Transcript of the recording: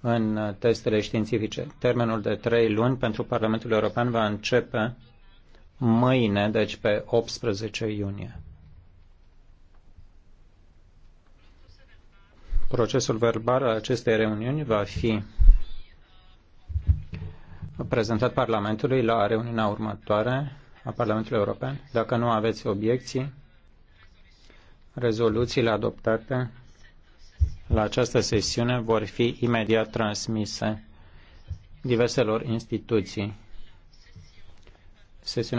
în testele științifice. Termenul de trei luni pentru Parlamentul European va începe mâine, deci pe 18 iunie. Procesul verbal al acestei reuniuni va fi prezentat Parlamentului la reuniunea următoare a Parlamentului European. Dacă nu aveți obiecții, rezoluțiile adoptate la această sesiune vor fi imediat transmise diverselor instituții. Sesiunea